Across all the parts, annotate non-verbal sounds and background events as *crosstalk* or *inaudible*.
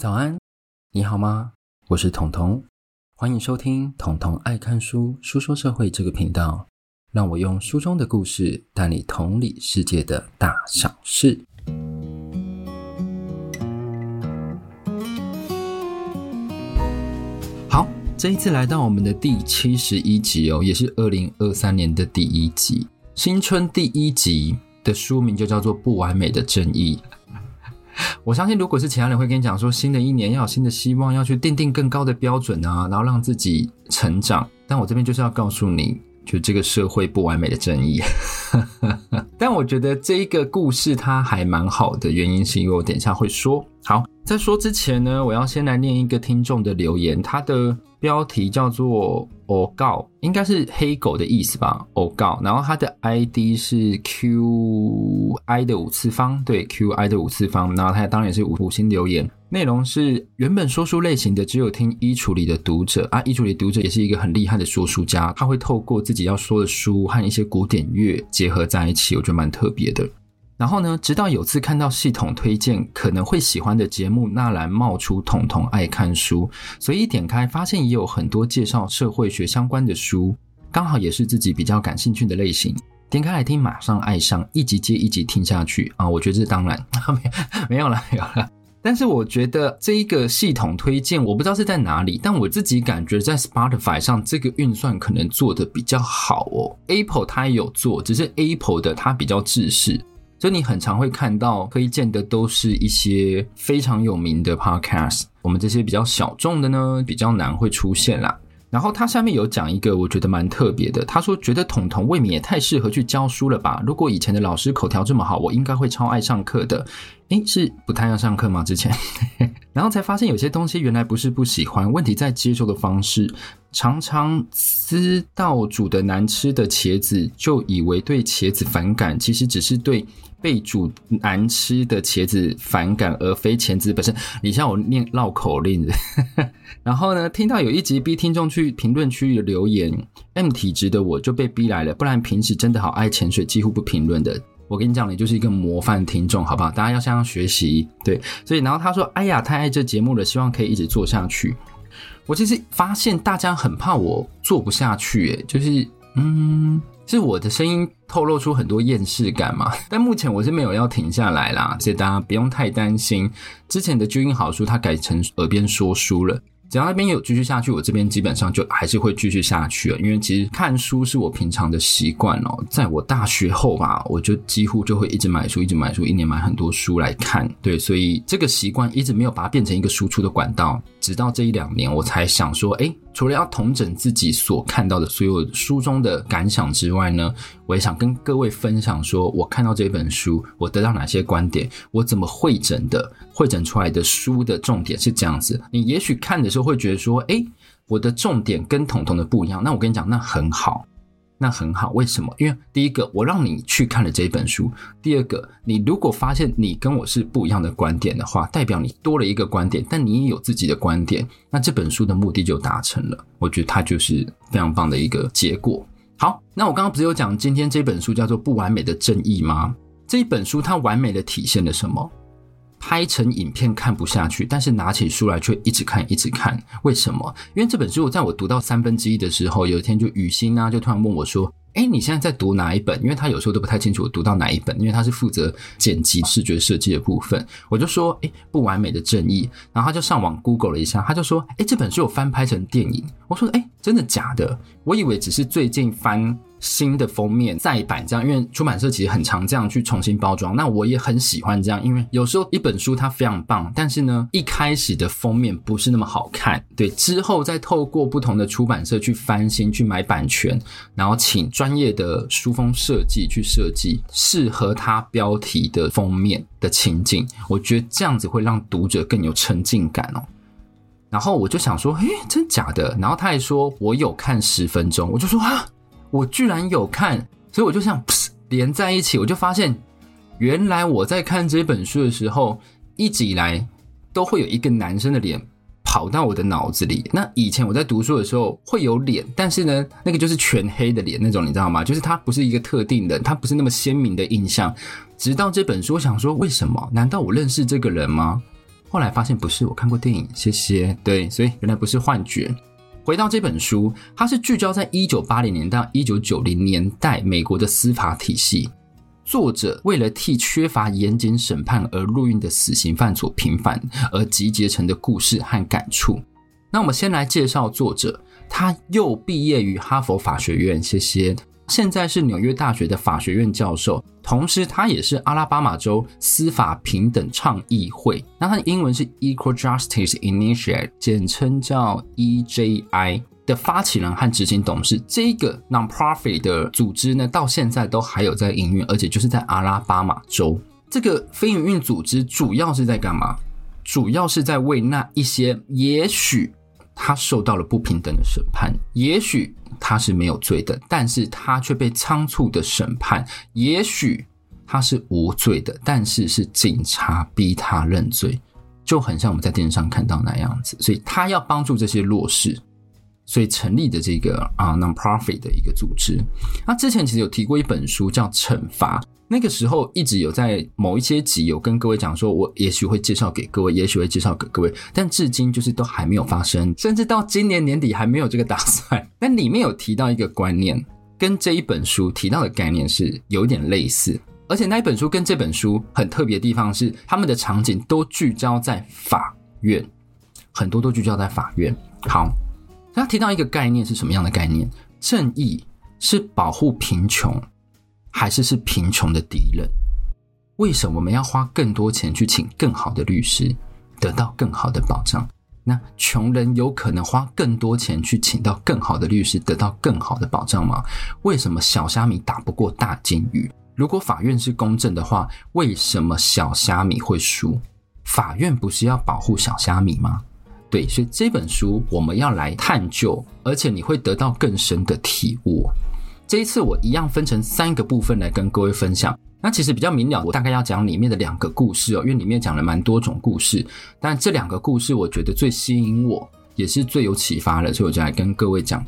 早安，你好嗎？我是統統，歡迎收聽《統統愛看書：書說社會》這個頻道。讓我用書中的故事帶你同理世界的大小事。好，這一次來到我們的第七十一集哦，也是二零二三年的第一集，新春第一集的書名就叫做《不完美的正義》。我相信，如果是其他人會跟你講說，新的一年要有新的希望，要去訂定更高的標準啊，然後讓自己成長。但我這邊就是要告訴你，就這個社會不完美的正義。 *laughs* 但我覺得這一個故事它還蠻好的，原因是因為我等一下會說。好，在說之前呢，我要先來念一個聽眾的留言，他的。標題叫做“偶告”，應該是黑狗的意思吧？偶告，然後他的 ID 是 QI 的五次方，對，QI 的五次方，然後他當然也是五五星留言。內容是原本說書類型的，只有聽衣櫥裡的讀者啊，衣櫥裡的讀者也是一個很厲害的說書家，他會透過自己要說的書和一些古典樂結合在一起，我覺得蠻特別的。然後呢，直到有次看到系統推薦可能會喜歡的節目，那欄冒出統統愛看書，所以一點開發現也有很多介紹社會學相關的書，剛好也是自己比較感興趣的類型。點開來聽，馬上愛上，一集接一集聽下去啊！我覺得這當然 *laughs* 沒有了沒有了，但是我覺得這一個系統推薦，我不知道是在哪裡，但我自己感覺在 Spotify 上這個運算可能做得比較好哦。Apple 它也有做，只是 Apple 的它比較自私所以你很常會看到推薦的都是一些非常有名的 podcast，我們這些比較小眾的呢，比較難會出現啦。然後他下面有講一個我覺得蠻特別的，他說覺得統統未免也太適合去教書了吧？如果以前的老師口條這麼好，我應該會超愛上課的。誒，是不太要上課嗎？之前。 *laughs* 然後才發現有些東西原來不是不喜歡，問題在接受的方式。常常吃到煮的難吃的茄子，就以為對茄子反感，其實只是對。被煮難吃的茄子反感，而非茄子本身。你像我念繞口令的。 *laughs* 然後呢，聽到有一集逼聽眾去評論區的留言，M 體質的我就被逼來了，不然平時真的好愛潛水，幾乎不評論的。我跟你講，你就是一個模範聽眾，好不好？大家要向他學習。對，所以然後他說：“哎呀，太愛這節目了，希望可以一直做下去。”我其實發現大家很怕我做不下去，耶，就是嗯。是我的聲音透露出很多厭世感嘛？但目前我是沒有要停下來啦，所以大家不用太擔心。之前的巨嬰好書它改成耳邊說書了，只要那邊有繼續下去，我這邊基本上就還是會繼續下去了。因為其實看書是我平常的習慣哦，在我大學後吧，我就幾乎就會一直買書，一直買書，一年買很多書來看。對，所以這個習慣一直沒有把它變成一個輸出的管道。直到這一兩年，我才想說，誒，除了要統整自己所看到的所有書中的感想之外呢，我也想跟各位分享說，說我看到這本書，我得到哪些觀點，我怎麼彙整的，彙整出來的書的重點是這樣子。你也許看的時候會覺得說，誒，我的重點跟統統的不一樣。那我跟你講，那很好。那很好，為什麼？因為第一個，我讓你去看了這本書。第二個，你如果發現你跟我是不一樣的觀點的話，代表你多了一個觀點，但你也有自己的觀點，那這本書的目的就達成了。我覺得它就是非常棒的一個結果。好，那我剛剛不是有講今天這本書叫做《不完美的正義》嗎？這一本書它完美的體現了什麼？拍成影片看不下去，但是拿起書來卻一直看，一直看。為什麼？因為這本書我在我讀到三分之一的時候，有一天就雨新啊，就突然問我說：“欸，你現在在讀哪一本？”因為他有時候都不太清楚我讀到哪一本，因為他是負責剪輯、視覺設計的部分。我就說：“欸，不完美的正義。”然後他就上網 Google 了一下，他就說：“欸，這本書有翻拍成電影。”我說：“欸，真的假的？”我以為只是最近翻。新的封面再版這樣，因為出版社其實很常這樣去重新包裝。那我也很喜歡這樣，因為有時候一本書它非常棒，但是呢，一開始的封面不是那麼好看。對，之後再透過不同的出版社去翻新，去買版權，然後請專業的書封設計去設計適合它標題的封面的情景。我覺得這樣子會讓讀者更有沉浸感哦。然後我就想說，嘿，真假的？然後他還說我有看十分鐘，我就說啊。我居然有看，所以我就想，連在一起，我就發現，原來我在看這本書的時候，一直以來都會有一個男生的臉跑到我的腦子裡。那以前我在讀書的時候會有臉，但是呢，那個就是全黑的臉那種，你知道嗎？就是他不是一個特定的，他不是那麼鮮明的印象。直到這本書，我想說為什麼？難道我認識這個人嗎？後來發現不是，我看過電影。謝謝，對，所以原來不是幻覺。回到這本書，它是聚焦在一九八零年到一九九零年代美國的司法體系。作者為了替缺乏嚴謹審判而入獄的死刑犯所平反而集結成的故事和感觸。那我們先來介紹作者，他又畢業於哈佛法學院，謝謝。現在是紐約大學的法學院教授，同時他也是阿拉巴馬州司法平等倡議會，那他的英文是 Equal Justice Initiative，簡稱叫 EJI 的發起人和執行董事。這個 non-profit 的組織呢，到現在都還有在營運，而且就是在阿拉巴馬州。這個非營運組織主要是在幹嘛？主要是在為那一些，也許他受到了不平等的審判，也許。他是沒有罪的，但是他卻被倉促的審判。也許他是無罪的，但是是警察逼他認罪，就很像我們在電視上看到那樣子。所以他要幫助這些弱勢，所以成立的這個啊，uh, nonprofit 的一個組織。那之前其實有提過一本書，叫《懲罰》。那個時候一直有在某一些集有跟各位講說，我也許會介紹給各位，也許會介紹給各位，但至今就是都還沒有發生，甚至到今年年底還沒有這個打算。 *laughs* 那裡面有提到一個觀念，跟這一本書提到的概念是有點類似，而且那一本書跟這本書很特別的地方是，他們的場景都聚焦在法院，很多都聚焦在法院。好，他提到一個概念是什麼樣的概念？正義是保護貧窮。還是是貧窮的敵人？為什麼我們要花更多錢去請更好的律師，得到更好的保障？那窮人有可能花更多錢去請到更好的律師，得到更好的保障嗎？為什麼小蝦米打不過大鯨魚？如果法院是公正的話，為什麼小蝦米會輸？法院不是要保護小蝦米嗎？對，所以這本書我們要來探究，而且你會得到更深的體悟。這一次我一樣分成三個部分來跟各位分享。那其實比較明了，我大概要講裡面的兩個故事哦，因為裡面講了蠻多種故事，但這兩個故事我覺得最吸引我，也是最有啟發的，所以我就來跟各位講。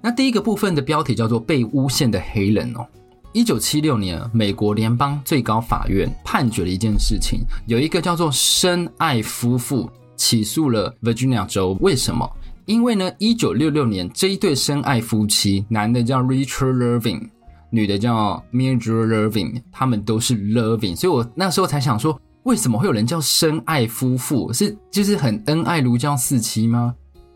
那第一個部分的標題叫做“被誣陷的黑人”哦。一九七六年，美國聯邦最高法院判決了一件事情，有一個叫做深愛夫婦起訴了 Virginia 州，為什麼？因為呢，一九六六年這一對深愛夫妻，男的叫 Richard Loving，女的叫 Mildred Loving，他們都是 Loving，所以我那時候才想說，為什麼會有人叫深愛夫婦？是就是很恩愛如膠似漆嗎？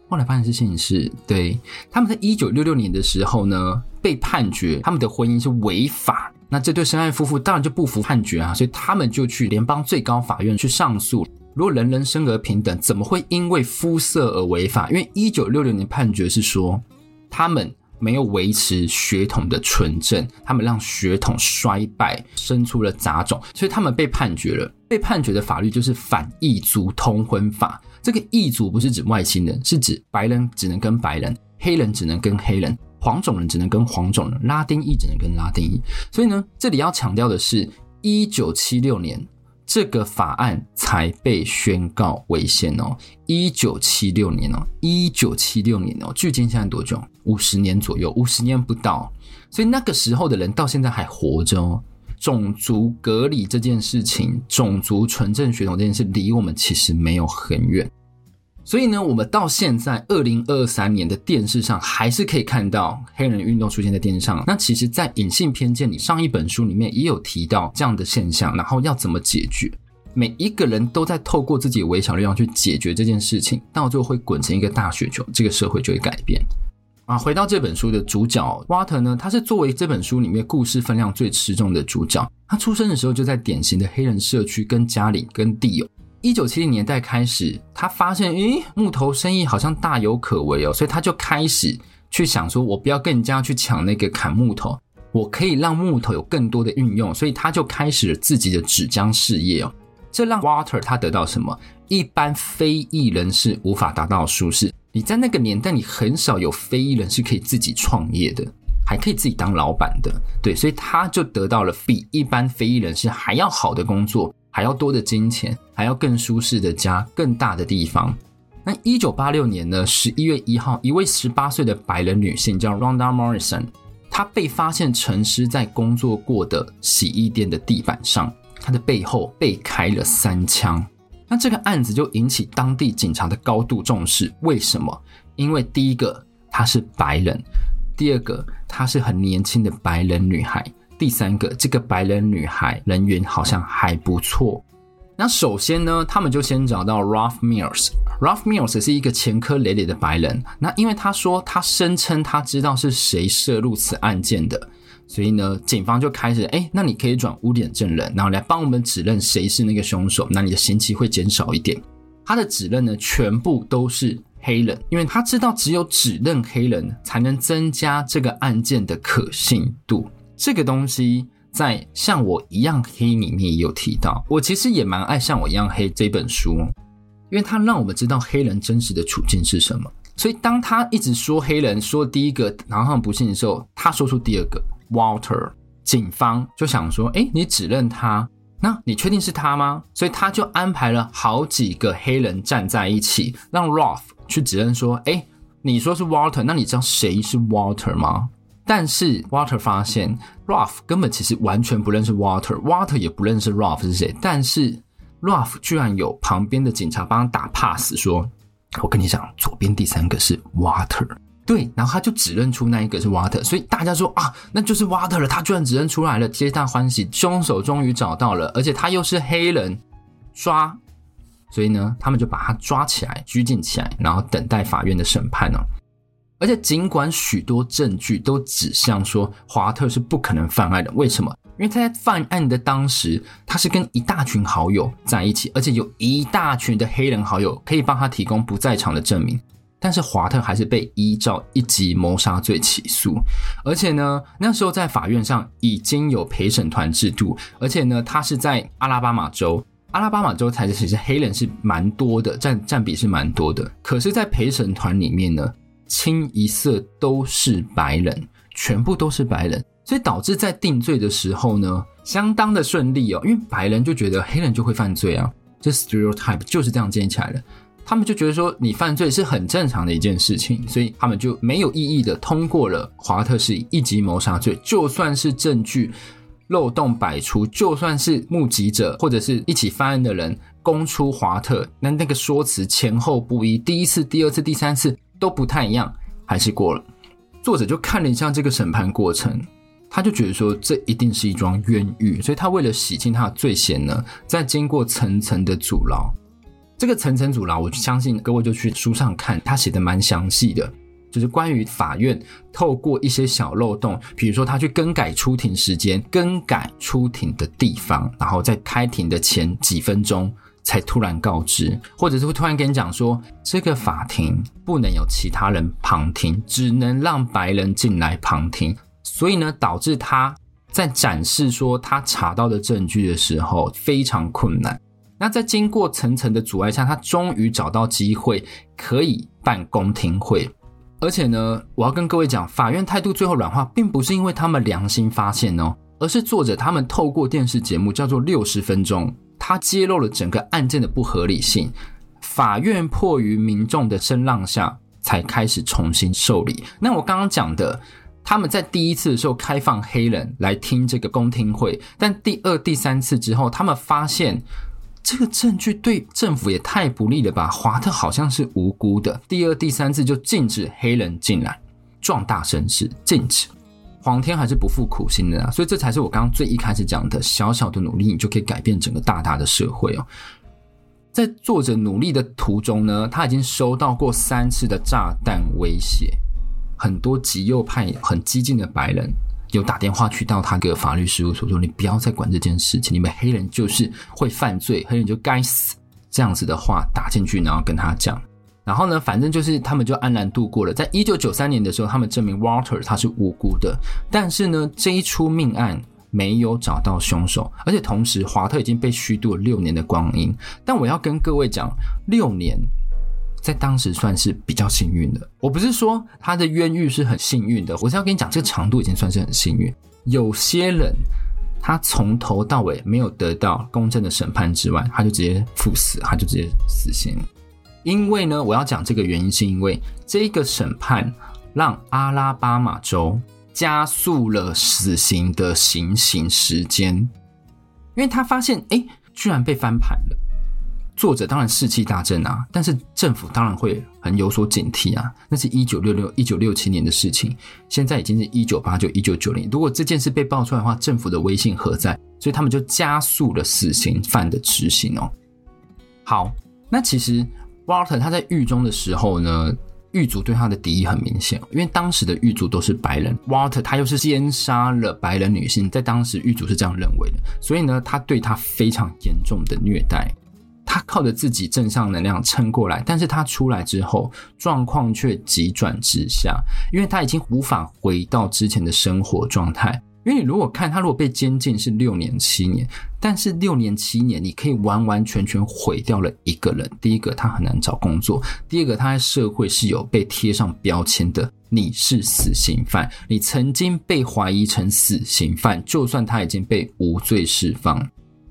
後來發現是姓氏。對，他們在一九六六年的時候呢，被判決他們的婚姻是違法。那這對深愛夫婦當然就不服判決啊，所以他們就去聯邦最高法院去上訴。如果人人生而平等，怎麼會因為膚色而違法？因為一九六六年判決是說，他們沒有維持血統的純正，他們讓血統衰敗，生出了雜種，所以他們被判決了。被判決的法律就是反異族通婚法。這個異族不是指外星人，是指白人只能跟白人，黑人只能跟黑人，黃種人只能跟黃種人，拉丁裔只能跟拉丁裔。所以呢，這裡要強調的是，一九七六年。這個法案才被宣告違憲哦，一九七六年哦，一九七六年哦，距今現在多久？五十年左右，五十年不到，所以那個時候的人到現在還活着哦。種族隔離這件事情，種族純正血統這件事，離我們其實沒有很遠。所以呢，我們到現在二零二三年的電視上，還是可以看到黑人運動出現在電視上。那其實，在隱性偏見，你上一本書裡面也有提到這樣的現象，然後要怎麼解決？每一個人都在透過自己微小力量去解決這件事情，到最後會滾成一個大雪球，這個社會就會改變。啊，回到這本書的主角沃特呢，他是作為這本書裡面故事分量最吃重的主角。他出生的時候就在典型的黑人社區，跟家裡，跟地友。一九七零年代開始，他發現，咦、欸，木頭生意好像大有可為哦，所以他就開始去想說，我不要跟人家去搶那個砍木頭，我可以讓木頭有更多的運用，所以他就開始了自己的紙漿事業哦。這讓 Walter 他得到什麼？一般非裔人士無法達到舒適。你在那個年代，你很少有非裔人士可以自己創業的，還可以自己當老闆的，對，所以他就得到了比一般非裔人士還要好的工作。還要多的金錢，還要更舒適的家，更大的地方。那一九八六年呢，十一月一號，一位十八歲的白人女性叫 Ronda Morrison，她被發現陳屍在工作過的洗衣店的地板上，她的背後被開了三槍。那這個案子就引起當地警察的高度重視。為什麼？因為第一個她是白人，第二個她是很年輕的白人女孩。第三個，這個白人女孩人緣好像還不錯。那首先呢，他們就先找到 Ralph Myers。Ralph Myers 是一個前科累累的白人。那因為他說他聲稱他知道是誰涉入此案件的，所以呢，警方就開始，哎，那你可以轉污點證人，然後來幫我們指認誰是那個兇手，那你的刑期會減少一點。他的指認呢，全部都是黑人，因為他知道只有指認黑人才能增加這個案件的可信度。這個東西在《像我一樣黑》裡面也有提到，我其實也蠻愛《像我一樣黑》這本書，因為它讓我們知道黑人真實的處境是什麼。所以當他一直說黑人說第一個，然後很不幸的時候，他說出第二個，Walter，警方就想說，哎，你指認他，那你確定是他嗎？所以他就安排了好幾個黑人站在一起，讓 Ralph 去指認說，哎，你說是 Walter，那你知道誰是 Walter 嗎？但是 Walter 發現 Ralph 根本其實完全不認識 Walter，Walter 也不認識 Ralph 是誰。但是 Ralph 居然有旁邊的警察幫他打 pass，說：“我跟你講，左邊第三個是 Walter。”對，然後他就指認出那一個是 Walter，所以大家說啊，那就是 Walter 了。他居然指認出來了，皆大歡喜，兇手終於找到了，而且他又是黑人，抓。所以呢，他們就把他抓起來，拘禁起來，然後等待法院的審判呢、哦。而且，儘管許多證據都指向說華特是不可能犯案的，為什麼？因為他在犯案的當時，他是跟一大群好友在一起，而且有一大群的黑人好友可以幫他提供不在場的證明。但是華特還是被依照一級謀殺罪起訴。而且呢，那時候在法院上已經有陪審團制度，而且呢，他是在阿拉巴馬州，阿拉巴馬州才是，其實黑人是蠻多的，占占比是蠻多的。可是，在陪審團裡面呢？清一色都是白人，全部都是白人，所以導致在定罪的時候呢，相當的順利哦。因為白人就覺得黑人就會犯罪啊，這 stereotype 就是這樣建起來的。他們就覺得說你犯罪是很正常的一件事情，所以他們就沒有異議的通過了。華特是一級謀殺罪，就算是證據漏洞百出，就算是目擊者或者是一起犯案的人供出華特，那那個說辭前後不一，第一次、第二次、第三次。都不太一樣，還是過了。作者就看了一下這個審判過程，他就覺得說這一定是一樁冤獄，所以他為了洗清他的罪嫌呢，在經過層層的阻撓。這個層層阻撓，我相信各位就去書上看，他寫得蠻詳細的，就是關於法院透過一些小漏洞，比如說他去更改出庭時間、更改出庭的地方，然後在開庭的前幾分鐘。才突然告知，或者是會突然跟你講說，這個法庭不能有其他人旁聽，只能讓白人進來旁聽。所以呢，導致他在展示說他查到的證據的時候非常困難。那在經過層層的阻礙下，他終於找到機會可以辦公聽會。而且呢，我要跟各位講，法院態度最後軟化，並不是因為他們良心發現哦，而是作者他們透過電視節目叫做《六十分鐘》。他揭露了整個案件的不合理性，法院迫於民眾的聲浪下，才開始重新受理。那我剛剛講的，他們在第一次的時候開放黑人來聽這個公聽會，但第二、第三次之後，他們發現這個證據對政府也太不利了吧？華特好像是無辜的。第二、第三次就禁止黑人進來，壯大聲勢，禁止。皇天還是不負苦心的啊，所以這才是我剛剛最一開始講的，小小的努力你就可以改變整個大大的社會哦。在作者努力的途中呢，他已經收到過三次的炸彈威脅，很多極右派很激進的白人有打電話去到他個法律事務所說，說你不要再管這件事情，你們黑人就是會犯罪，黑人就該死，這樣子的話打進去，然後跟他講。然後呢，反正就是他們就安然度過了。在一九九三年的時候，他們證明 Walter 他是無辜的。但是呢，這一出命案沒有找到兇手，而且同時華特已經被虛度了六年的光陰。但我要跟各位講，六年在當時算是比較幸運的。我不是說他的冤獄是很幸運的，我是要跟你講，這個長度已經算是很幸運。有些人他從頭到尾沒有得到公正的審判之外，他就直接赴死，他就直接死刑。因為呢，我要講這個原因，是因為這個審判讓阿拉巴馬州加速了死刑的行刑時間，因為他發現，哎，居然被翻盤了。作者當然士氣大振啊，但是政府當然會很有所警惕啊。那是一九六六、一九六七年的事情，現在已經是一九八九、一九九零。如果這件事被爆出來的話，政府的威信何在？所以他們就加速了死刑犯的執行哦。好，那其實。Walter 他在獄中的時候呢，獄卒對他的敵意很明顯，因為當時的獄卒都是白人，Walter 他又是姦殺了白人女性，在當時獄卒是這樣認為的，所以呢，他對他非常嚴重的虐待。他靠着自己正向能量撐過來，但是他出來之後狀況卻急轉直下，因為他已經無法回到之前的生活狀態。因為你如果看他如果被監禁是六年七年，但是六年七年你可以完完全全毀掉了一個人。第一個他很難找工作，第二個他在社會是有被貼上標籤的。你是死刑犯，你曾經被懷疑成死刑犯，就算他已經被無罪釋放，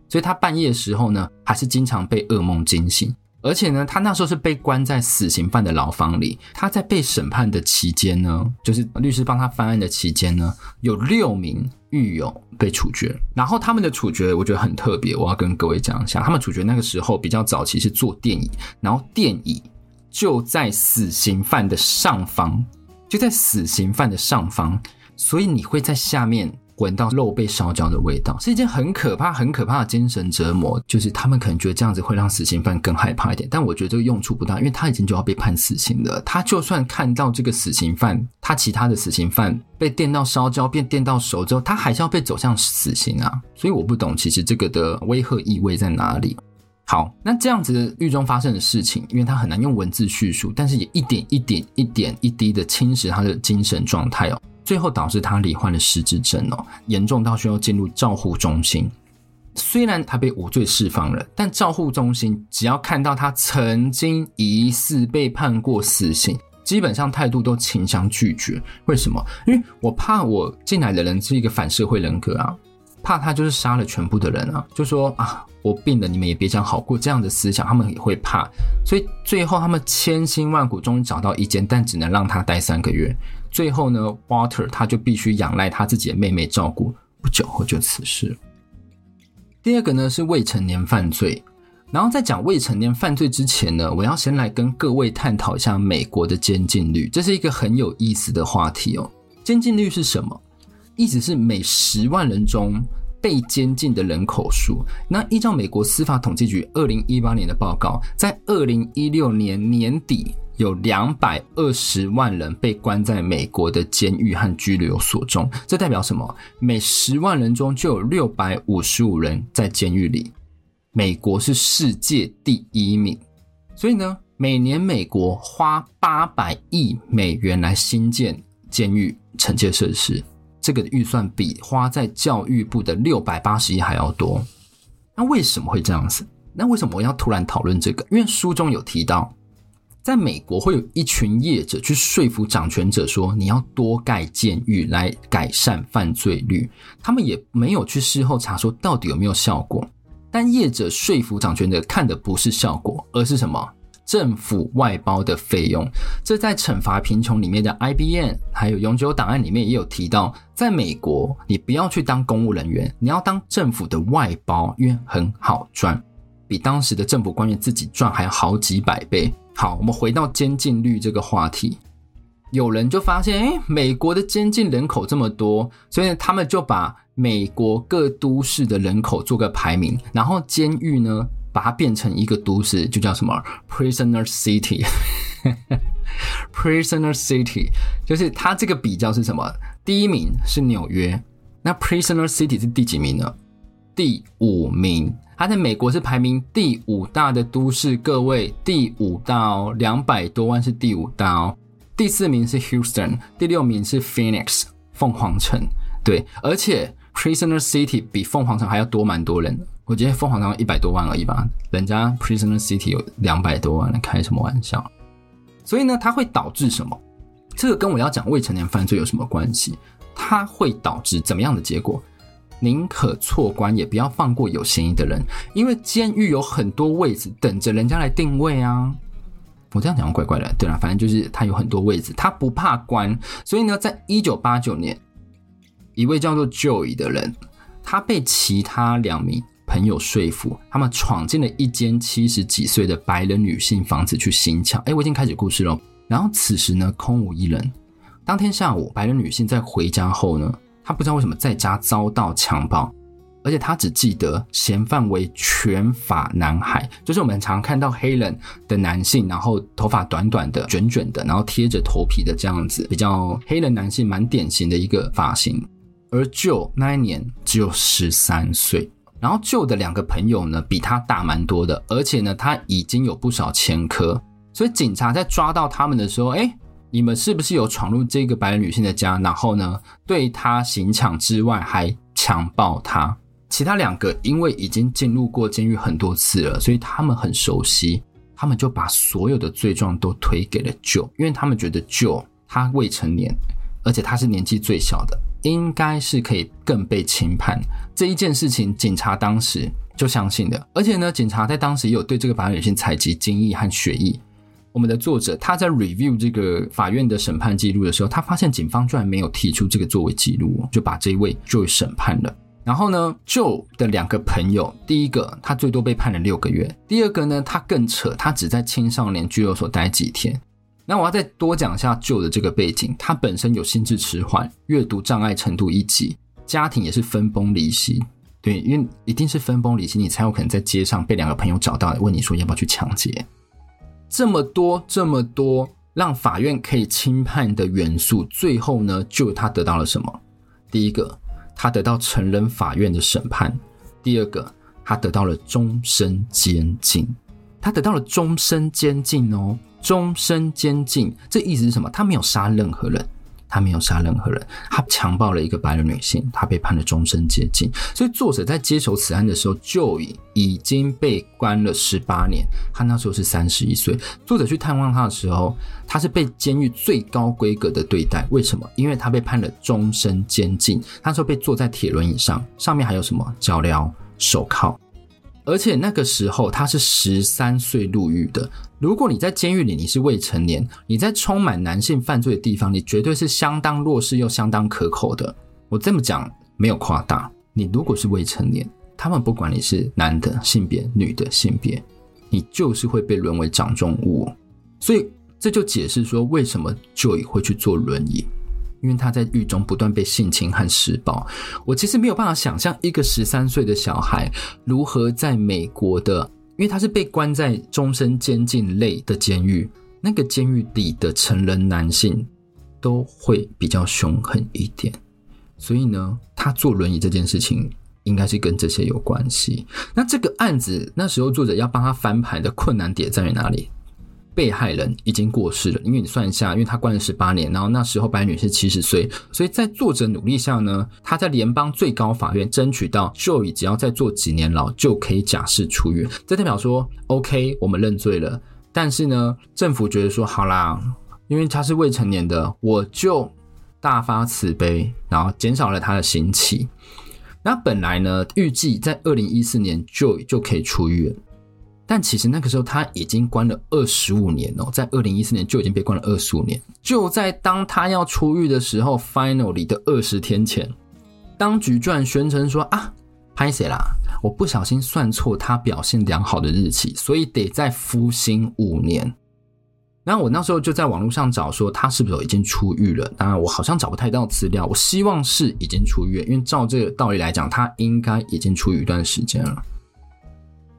所以他半夜的時候呢，還是經常被噩夢驚醒。而且呢，他那時候是被關在死刑犯的牢房裡。他在被審判的期間呢，就是律師幫他翻案的期間呢，有六名獄友被處決。然後他們的處決，我覺得很特別。我要跟各位講一下，他們處決那個時候比較早期是坐電椅，然後電椅就在死刑犯的上方，就在死刑犯的上方，所以你會在下面。聞到肉被燒焦的味道，是一件很可怕、很可怕的精神折磨。就是他們可能覺得這樣子會讓死刑犯更害怕一點，但我覺得這個用處不大，因為他已經就要被判死刑了。他就算看到這個死刑犯，他其他的死刑犯被電到燒焦，被電到熟之後，他還是要被走向死刑啊。所以我不懂，其實這個的威嚇意味在哪裡？好，那這樣子的獄中發生的事情，因為他很難用文字敘述，但是也一點一點、一點一滴的侵蝕他的精神狀態哦。最後導致他罹患了失智症哦，嚴重到需要進入照護中心。雖然他被無罪釋放了，但照護中心只要看到他曾經疑似被判過死刑，基本上態度都傾向拒絕。為什麼？因為我怕我進來的人是一個反社會人格啊，怕他就是殺了全部的人啊，就說啊，我病了，你們也別想好過。這樣的思想，他們也會怕。所以最後他們千辛萬苦終於找到一間，但只能讓他待三個月。最後呢，Walter 他就必須仰賴他自己的妹妹照顧，不久後就辭世。第二個呢是未成年犯罪，然後在講未成年犯罪之前呢，我要先來跟各位探討一下美國的監禁率，這是一個很有意思的話題哦。監禁率是什麼？意思是每十萬人中被監禁的人口數。那依照美國司法統計局二零一八年的報告，在二零一六年年底，有兩百二十萬人被關在美國的監獄和拘留所中，這代表什麼？每十萬人中就有六百五十五人在監獄裡。美國是世界第一名，所以呢，每年美國花八百億美元來新建監獄懲戒設施，這個預算比花在教育部的六百八十億還要多。那為什麼會這樣子？那為什麼我要突然討論這個？因為書中有提到。在美國，會有一群業者去說服掌權者說：“你要多蓋監獄來改善犯罪率。”他們也沒有去事後查說到底有沒有效果。但業者說服掌權者看的不是效果，而是什麼政府外包的費用。這在《懲罰貧窮》裡面的 IBN 還有《永久檔案》裡面也有提到，在美國，你不要去當公務人員，你要當政府的外包，因為很好賺，比當時的政府官員自己賺還要好幾百倍。好，我們回到監禁率這個話題，有人就發現誒，美國的監禁人口這麼多，所以他們就把美國各都市的人口做個排名，然後監獄呢把它變成一個都市，就叫什麼 prisoner city， *laughs* prisoner city，就是它這個比較是什麼？第一名是紐約，那 prisoner city 是第幾名呢？第五名。它在美國是排名第五大的都市，各位第五大哦，兩百多萬是第五大哦，第四名是 Houston，第六名是 Phoenix 鳳凰城，對，而且 Prisoner City 比鳳凰城還要多蠻多人的，我覺得鳳凰城一百多萬而已吧，人家 Prisoner City 有兩百多萬，開什麼玩笑？所以呢，它會導致什麼？這個跟我要講未成年犯罪有什麼關係？它會導致怎麼樣的結果？寧可錯關，也不要放過有嫌疑的人，因為監獄有很多位置，等着人家來定位啊！我這樣講怪怪的，對啦，反正就是他有很多位置，他不怕關。所以呢，在一九八九年，一位叫做 Joy 的人，他被其他兩名朋友說服，他們闖進了一間七十幾歲的白人女性房子去行搶。哎，我已經開始故事了。然後此時呢，空無一人。當天下午，白人女性在回家後呢，他不知道為什麼在家遭到強暴，而且他只記得嫌犯為捲髮男孩，就是我們常看到黑人的男性，然後頭髮短短的、捲捲的，然後貼着頭皮的這樣子，比較黑人男性蠻典型的一個髮型。而 Joe 那一年只有十三歲，然後 Joe 的兩個朋友呢，比他大蠻多的，而且呢，他已經有不少前科，所以警察在抓到他們的時候，欸你們是不是有闖入這個白人女性的家，然後呢對她行搶之外還強暴她？其他兩個因為已經進入過監獄很多次了，所以他們很熟悉，他們就把所有的罪狀都推給了 Joe，因為他們覺得 Joe 他未成年，而且他是年紀最小的，應該是可以更被輕判。這一件事情警察當時就相信了，而且呢警察在當時也有對這個白人女性採集精液和血液。我們的作者他在 review 這個法院的審判記錄的時候，他發現警方居然沒有提出這個作為記錄，就把這一位作為審判了。然後呢，Joe 的兩個朋友，第一個他最多被判了六個月，第二個呢他更扯，他只在青少年拘留所待幾天。那我要再多講一下 Joe 的這個背景，他本身有心智遲緩、閱讀障礙程度一級，家庭也是分崩離析。對，因為一定是分崩離析，你才有可能在街上被兩個朋友找到，問你說要不要去搶劫。這麼多這麼多讓法院可以輕判的元素，最後呢，就他得到了什麼？第一個，他得到成人法院的審判；第二個，他得到了終身監禁。他得到了終身監禁哦，終身監禁。這意思是什麼？他沒有殺任何人。他沒有殺任何人，他強暴了一個白人女性，他被判了終身監禁。所以作者在接手此案的時候，就已已經被關了十八年。他那時候是三十一歲。作者去探望他的時候，他是被監獄最高規格的對待。為什麼？因為他被判了終身監禁。他那時候被坐在鐵輪椅上，上面還有什麼？腳鐐、手銬。而且那個時候他是十三歲入獄的。如果你在監獄裡你是未成年，你在充滿男性犯罪的地方，你絕對是相當弱勢又相當可口的。我這麼講沒有誇大。你如果是未成年，他們不管你是男的性別、女的性別，你就是會被淪為掌中物。所以這就解釋說為什麼 Joe 會去坐輪椅。因為他在獄中不斷被性侵和施暴，我其實沒有辦法想象一個十三歲的小孩如何在美國的，因為他是被關在終身監禁類的監獄，那個監獄裡的成人男性都會比較兇狠一點，所以呢，他坐輪椅這件事情應該是跟這些有關係。那這個案子那時候作者要幫他翻盤，的困難點在於哪裡？被害人已經過世了，因為你算一下，因為他關了十八年，然後那時候白女士七十歲，所以在作者努力下呢，他在聯邦最高法院爭取到就，已經只要再坐幾年牢就可以假釋出獄。這代表說 OK，我們認罪了，但是呢，政府覺得說好啦，因為他是未成年的，我就大發慈悲，然後減少了他的刑期。那本來呢，預計在二零一四年就就可以出獄了。但其實那個時候他已經關了二十五年哦、喔，在二零一四年就已經被關了二十五年。就在當他要出獄的時候，finally 的二十天前，當局居然宣稱說啊歹勢啦！我不小心算錯他表現良好的日期，所以得再服刑五年。然後我那時候就在網絡上找說他是不是已經出獄了？當然我好像找不太到資料，我希望是已經出獄，因為照這個道理來講，他應該已經出獄一段時間了。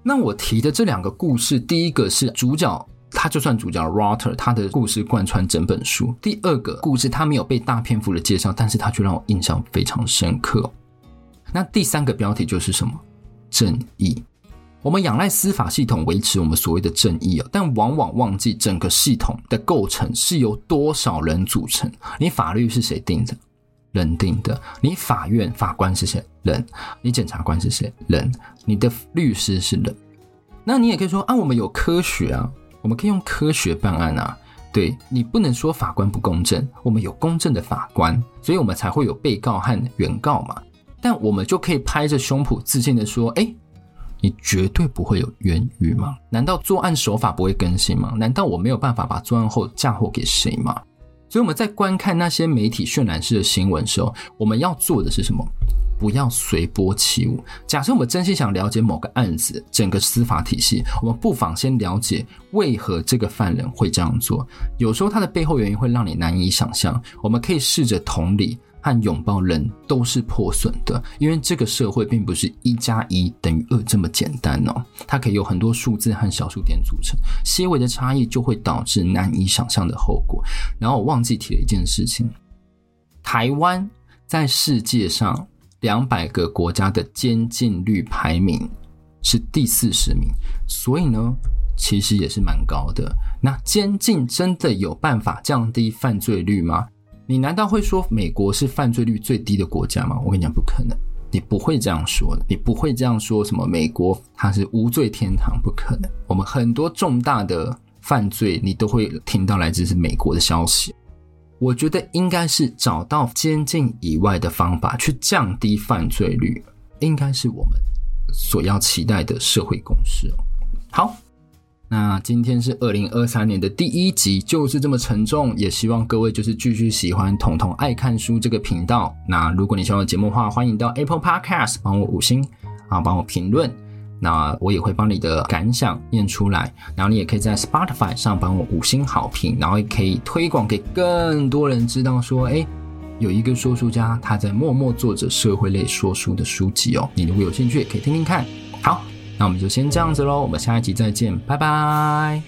那我提的這兩個故事，第一個是主角，他就算主角 Rutter，他的故事貫穿整本書。第二個故事他沒有被大篇幅的介紹，但是他卻讓我印象非常深刻哦。那第三個標題就是什麼？正義。我們仰賴司法系統維持我們所謂的正義哦，但往往忘記整個系統的構成是由多少人組成。你法律是誰定的？認定的，你法院法官是誰人？你檢察官是誰人？你的律師是人？那你也可以說啊，我們有科學啊，我們可以用科學辦案啊。對，你不能說法官不公正，我們有公正的法官，所以我們才會有被告和原告嘛。但我們就可以拍着胸脯自信的說，哎、欸，你絕對不會有冤獄嗎？難道作案手法不會更新嗎？難道我沒有辦法把作案後嫁禍給誰嗎？所以我們在觀看那些媒體渲染式的新聞的時候，我們要做的是什麼？不要隨波起舞。假設我們真心想了解某個案子，整個司法體系，我們不妨先了解為何這個犯人會這樣做。有時候他的背後原因會讓你難以想象。我們可以試着同理。和擁抱。人都是破損的，因為這個社會並不是一加一等於二這麼簡單哦，它可以有很多數字和小數點組成，細微、微的差異就會導致難以想象的後果。然後我忘記提了一件事情，台灣在世界上兩百個國家的監禁率排名是第四十名，所以呢，其實也是蠻高的。那監禁真的有辦法降低犯罪率嗎？你難道會說美國是犯罪率最低的國家嗎？我跟你講不可能，你不會這樣說的，你不會這樣說什麼美國它是無罪天堂，不可能。我們很多重大的犯罪，你都會聽到來自是美國的消息。我覺得應該是找到監禁以外的方法去降低犯罪率，應該是我們所要期待的社會共識哦。好。那今天是二零二三年的第一集，就是這麼沉重，也希望各位就是繼續喜歡統統愛看書這個頻道。那如果你喜歡我節目的話，歡迎到 Apple Podcast 幫我五星啊，幫我評論，那我也會把你的感想念出來。然後你也可以在 Spotify 上幫我五星好評，然後也可以推廣給更多人知道說，哎，有一個說書家他在默默做着社會類說書的書籍哦，你如果有興趣，可以聽聽看。那我們就先這樣子嘍，我們下一集再見，拜拜。